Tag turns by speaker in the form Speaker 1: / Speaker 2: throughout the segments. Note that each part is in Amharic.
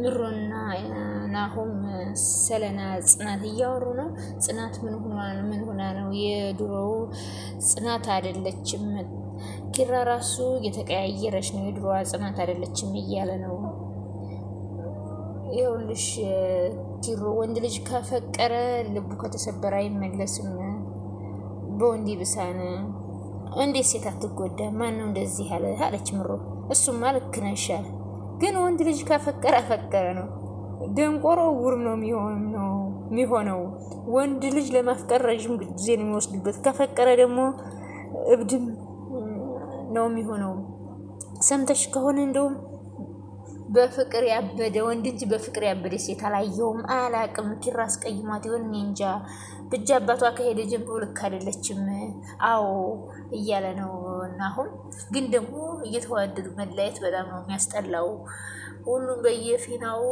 Speaker 1: ምሮና ናሆም ሰለና ጽናት እያወሩ ነው። ጽናት ምን ምን ሆና ነው? የድሮው ጽናት አይደለችም። ኪራ ራሱ የተቀያየረች ነው፣ የድሮዋ ጽናት አይደለችም እያለ ነው። ይኸውልሽ ኪሮ ወንድ ልጅ ካፈቀረ ልቡ ከተሰበረ አይመለስም። በወንድ ይብሳን እንዴት ሴት አትጎዳ? ማን ነው እንደዚህ አለች ምሮ። እሱማ ልክ ነሽ አለ ግን ወንድ ልጅ ካፈቀረ አፈቀረ ነው። ደንቆሮ ውርም ነው የሚሆነው። ወንድ ልጅ ለማፍቀር ረዥም ጊዜ ነው የሚወስድበት። ከፈቀረ ደግሞ እብድም ነው የሚሆነው። ሰምተሽ ከሆነ እንደውም በፍቅር ያበደ ወንድ እንጂ በፍቅር ያበደ ሴት አላየውም፣ አላቅም። ኪራ አስቀይሟት ይሆን እኔ እንጃ። ብቻ አባቷ ከሄደ ጀምሮ ልክ አይደለችም። አዎ እያለ ነው እና አሁን ግን ደግሞ እየተዋደዱ መለየት በጣም ነው የሚያስጠላው። ሁሉም በየፊናው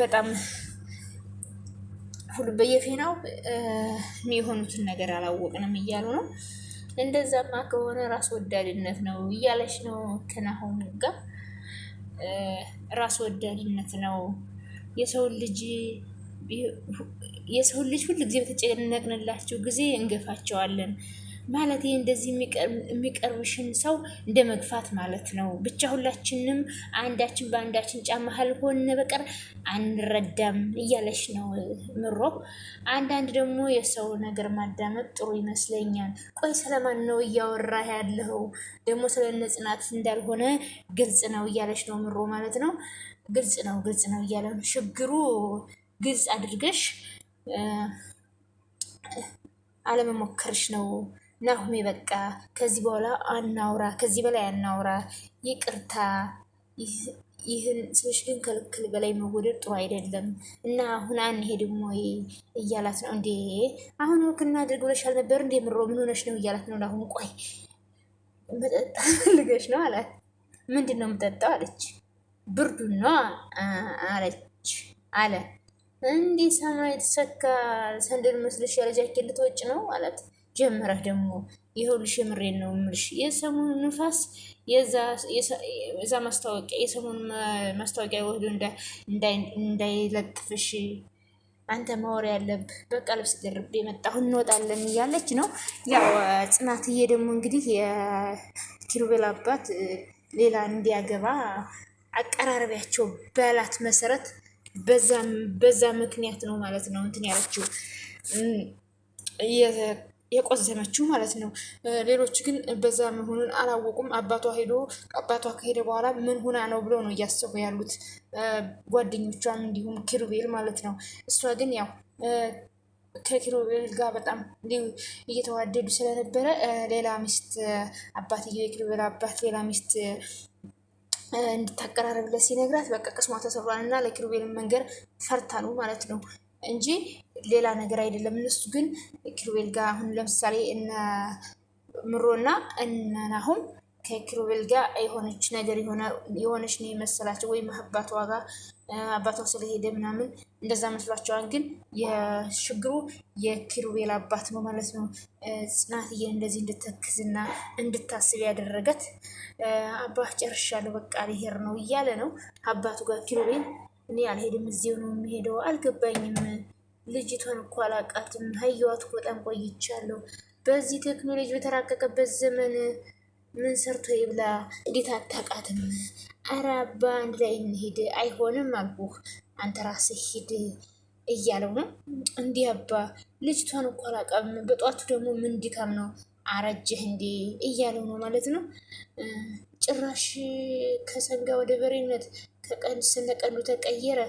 Speaker 1: በጣም ሁሉም በየፊናው የሚሆኑትን ነገር አላወቅንም እያሉ ነው። እንደዛማ ከሆነ ራስ ወዳድነት ነው እያለች ነው ከናሆም ጋር ራስ ወዳድነት ነው የሰውን ልጅ የሰው ልጅ ሁል ጊዜ በተጨነቅንላቸው ጊዜ እንገፋቸዋለን። ማለት ይህ እንደዚህ የሚቀርብሽን ሰው እንደ መግፋት ማለት ነው። ብቻ ሁላችንም አንዳችን በአንዳችን ጫማ ካልሆነ በቀር አንረዳም እያለች ነው ምሮ። አንዳንድ ደግሞ የሰው ነገር ማዳመጥ ጥሩ ይመስለኛል። ቆይ ስለማን ነው እያወራ ያለው? ደግሞ ስለነ ጽናት እንዳልሆነ ግልጽ ነው እያለች ነው ምሮ ማለት ነው። ግልጽ ነው ግልጽ ነው እያለ ችግሩ ግልጽ አድርገሽ አለመሞከርሽ ነው። ናሁሜ በቃ ከዚህ በኋላ አናውራ፣ ከዚህ በላይ አናውራ፣ ይቅርታ ይህን ሰዎች ግን ከልክል በላይ መወደድ ጥሩ አይደለም እና አሁን አንሄድም ወይ እያላት ነው። እንዴ አሁን ወክና አድርግ ብለሽ አልነበር እንዴ? ምሮ ምን ሆነሽ ነው እያላት ነው። አሁን ቆይ መጠጣ ፈልገሽ ነው አላት። ምንድን ነው የምጠጣው አለች። ብርዱና አለች አለ እንዲህ ሰማይ የተሰካ ሰንደል መስልሽ ያለ ጃኬት ልትወጭ ነው አላት። ጀምረህ ደግሞ ይኸውልሽ፣ የምሬን ነው የምልሽ የሰሞኑ ንፋስ የዛ ማስታወቂያ የሰሞኑ ማስታወቂያ ወህዶ እንዳይለጥፍሽ አንተ መወር ያለብ በቃ ልብስ ደርቤ መጣሁ እንወጣለን እያለች ነው። ያው ጽናትዬ ደግሞ እንግዲህ የኪሩቤል አባት ሌላ እንዲያገባ አቀራረቢያቸው በላት መሰረት በዛ ምክንያት ነው ማለት ነው እንትን ያለችው የቆዘመችው ማለት ነው። ሌሎች ግን በዛ መሆኑን አላወቁም። አባቷ ሄዶ አባቷ ከሄደ በኋላ ምን ሆና ነው ብሎ ነው እያሰቡ ያሉት ጓደኞቿም፣ እንዲሁም ኪሩቤል ማለት ነው። እሷ ግን ያው ከኪሩቤል ጋር በጣም እየተዋደዱ ስለነበረ ሌላ ሚስት አባትየው የኪሩቤል አባት ሌላ ሚስት እንድታቀራረብለት ሲነግራት በቃ ቅስሟ ተሰብሯል እና ለኪሩቤልን መንገር ፈርታ ነው ማለት ነው እንጂ ሌላ ነገር አይደለም። እነሱ ግን ኪሩቤል ጋር አሁን ለምሳሌ እነ ምሮና እነ ናሁም ከኪሩቤል ጋር የሆነች ነገር የሆነች ነው የመሰላቸው ወይም አባቷ ጋር አባቷ ስለሄደ ምናምን እንደዛ መስሏቸዋል። ግን የችግሩ የኪሩቤል አባት ነው ማለት ነው። ጽናትዬን እንደዚህ እንድተክዝና እንድታስብ ያደረገት አባ ጨርሻለሁ፣ በቃ ልሄድ ነው እያለ ነው አባቱ ጋር ኪሩቤል። እኔ አልሄድም፣ እዚሁ ነው የሚሄደው። አልገባኝም። ልጅቷን እኮ አላቃትም። ሀየዋት እኮ በጣም ቆይቻለሁ። በዚህ ቴክኖሎጂ በተራቀቀበት ዘመን ምን ሰርቶ ይብላ? እንዴት አታቃትም? አረ አባ አንድ ላይ እንሄድ። አይሆንም አልኩህ አንተ ራስህ ሂድ እያለው ነው። እንዲህ አባ ልጅቷን እኮ አላውቅም። በጧቱ ደግሞ ምን ድካም ነው አረጀህ እንዴ እያለው ነው ማለት ነው። ጭራሽ ከሰንጋ ወደ በሬነት ከቀን ስነቀሉ ተቀየረ።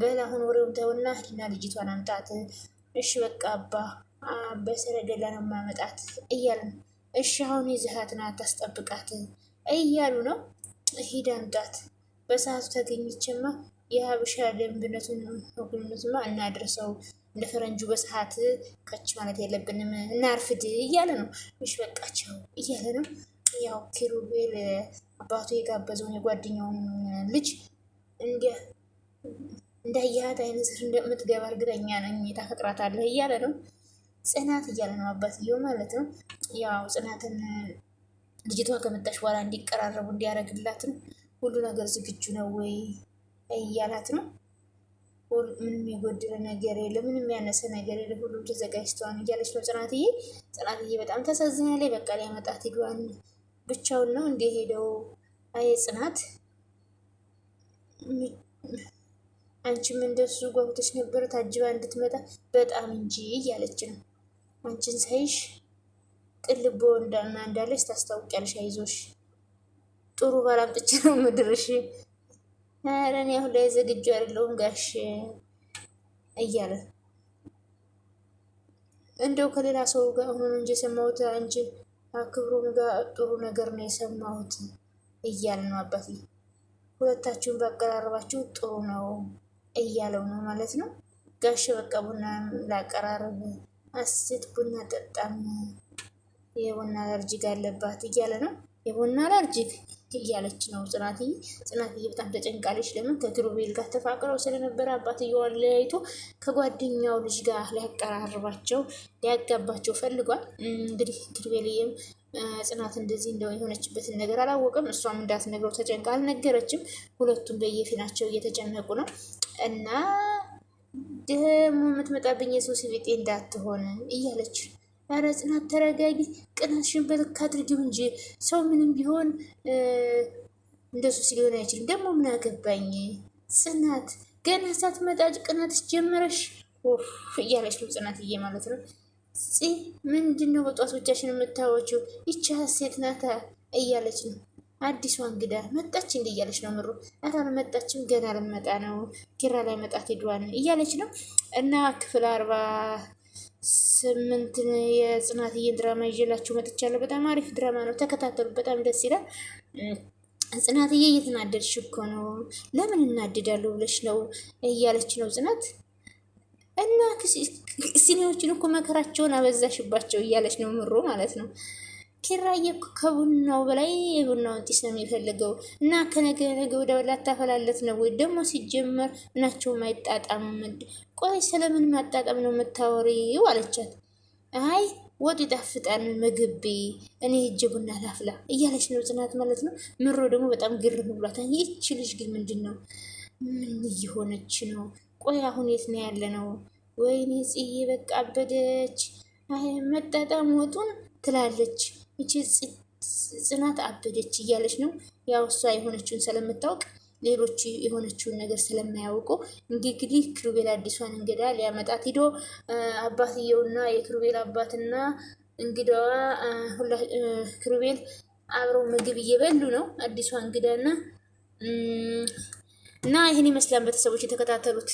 Speaker 1: በል አሁን ወሬውን ተውና ሂድና ልጅቷን አምጣት። እሺ በቃ አባ በሰረገላ ነው ማመጣት እያለ ነው። እሺ አሁን ይዘሃትና ታስጠብቃት እያሉ ነው። ሂድ አምጣት። በሰዓቱ ተገኝችማ የሀበሻ ደንብነቱን ሁሉነቱማ እናድርሰው። እንደ ፈረንጁ በሰዓት ከች ማለት የለብንም እናርፍድ እያለ ነው። እሺ በቃቸው እያለ ነው። ያው ኪሩቤል አባቱ የጋበዘውን የጓደኛውን ልጅ እንዳያት አይነት እንደምትገባ እርግጠኛ ነኝ፣ ታፈቅራታለህ እያለ ነው። ጽናት እያለ ነው አባትየው ማለት ነው። ያው ጽናትን ልጅቷ ከመጣች በኋላ እንዲቀራረቡ እንዲያደርግላትም ሁሉ ነገር ዝግጁ ነው ወይ እያላት ነው። ምንም የጎደለ ነገር የለ፣ ምንም ያነሰ ነገር የለ፣ ሁሉም ተዘጋጅተዋል እያለች ነው ጽናትዬ። ጽናትዬ በጣም ላይ በቃ ሊያመጣት ሂዷል። ብቻውን ነው እንደ ሄደው። አየ ጽናት አንቺም እንደሱ ጓጉተሽ ነበረ ታጅባ እንድትመጣ በጣም እንጂ እያለች ነው። አንቺን ሳይሽ ቅልቦ እንዳና እንዳለች ታስታውቂያለሽ። አይዞሽ ጥሩ ባላምጥች ነው ምድርሽ ኧረ እኔ አሁን ላይ ዝግጁ አይደለሁም ጋሽ እያለ እንደው ከሌላ ሰው ጋር ሆኖ እንጂ የሰማሁት እንጂ አክብሮም ጋር ጥሩ ነገር ነው የሰማሁት እያለ ነው አባቴ። ሁለታችሁን ባቀራረባችሁ ጥሩ ነው እያለው ነው ማለት ነው ጋሽ። በቃ ቡና ላቀራረብ አስት ቡና ጠጣም የቡና አለርጂክ አለባት እያለ ነው። የቡና አለርጂክ እያለች ነው ጽናትዬ። ጽናትዬ በጣም ተጨንቃለች። ለምን ከኪሩቤል ጋር ተፋቅረው ስለነበረ አባትየዋን ለያይቶ ከጓደኛው ልጅ ጋር ሊያቀራርባቸው ሊያጋባቸው ፈልጓል። እንግዲህ ኪሩቤልዬም ጽናት እንደዚህ እንደው የሆነችበትን ነገር አላወቅም። እሷም እንዳትነግረው ተጨንቃ አልነገረችም። ሁለቱም በየፊናቸው እየተጨነቁ ነው እና ደግሞ የምትመጣብኝ የሱስ ቤጤ እንዳትሆን እያለች ነው ኧረ ጽናት ተረጋጊ፣ ቅናትሽን በልክ አድርጊው እንጂ ሰው ምንም ቢሆን እንደሱ ሊሆን አይችልም። ደግሞ ምን አገባኝ ጽናት ገና ሳትመጣጭ ቅናትሽ ጀመረሽ እያለች ነው ጽናትዬ ማለት ነው። ጽ ምንድን ነው በጧት ብቻሽን የምታወጪው? ይቺ ሀሴት ናታ እያለች ነው። አዲሷ እንግዳ መጣች እንዲ እያለች ነው ምሩ። ኧረ አልመጣችም ገና ልመጣ ነው ኪራ ላይ መጣት ሄዷን እያለች ነው እና ክፍል አርባ ስምንት የጽናትዬን ድራማ ይዤላችሁ መጥቻለሁ። በጣም አሪፍ ድራማ ነው፣ ተከታተሉ። በጣም ደስ ይላል። ጽናትዬ እየተናደድሽ እኮ ነው። ለምን እናድዳለሁ ብለሽ ነው እያለች ነው ጽናት እና ሲኒዎችን እኮ መከራቸውን አበዛሽባቸው እያለች ነው ምሮ ማለት ነው ኪራዬ ከቡናው በላይ የቡናውን ጢስ ነው የሚፈልገው። እና ከነገ ነገ ወዲያ ላታፈላለት ነው ወይ ደግሞ? ሲጀመር ምናቸው አይጣጣምም። ቆይ ስለምን ማጣጣም ነው የምታወሪው? አለቻት። አይ ወጥ ይጣፍጣል ምግብ እኔ ሂጅ ቡና ላፍላ እያለች ነው ጽናት ማለት ነው። ምሮ ደግሞ በጣም ግርም ብሏታል። ይቺ ልጅ ግን ምንድን ነው ምን እየሆነች ነው? ቆይ አሁን የት ነው ያለ ነው? ወይኔ ጽዬ በቃ አበደች። መጣጣም ወጡን ትላለች እቺ ጽናት አበደች እያለች ነው። ያው እሷ የሆነችውን ስለምታውቅ ሌሎች የሆነችውን ነገር ስለማያውቁ እንግዲህ ክሩቤል አዲሷን እንግዳ ሊያመጣት ሂዶ አባትየውና የክሩቤል አባትና እንግዳዋ ክሩቤል አብረው ምግብ እየበሉ ነው። አዲሷ እንግዳና እና ይህን ይመስላል ቤተሰቦች የተከታተሉት።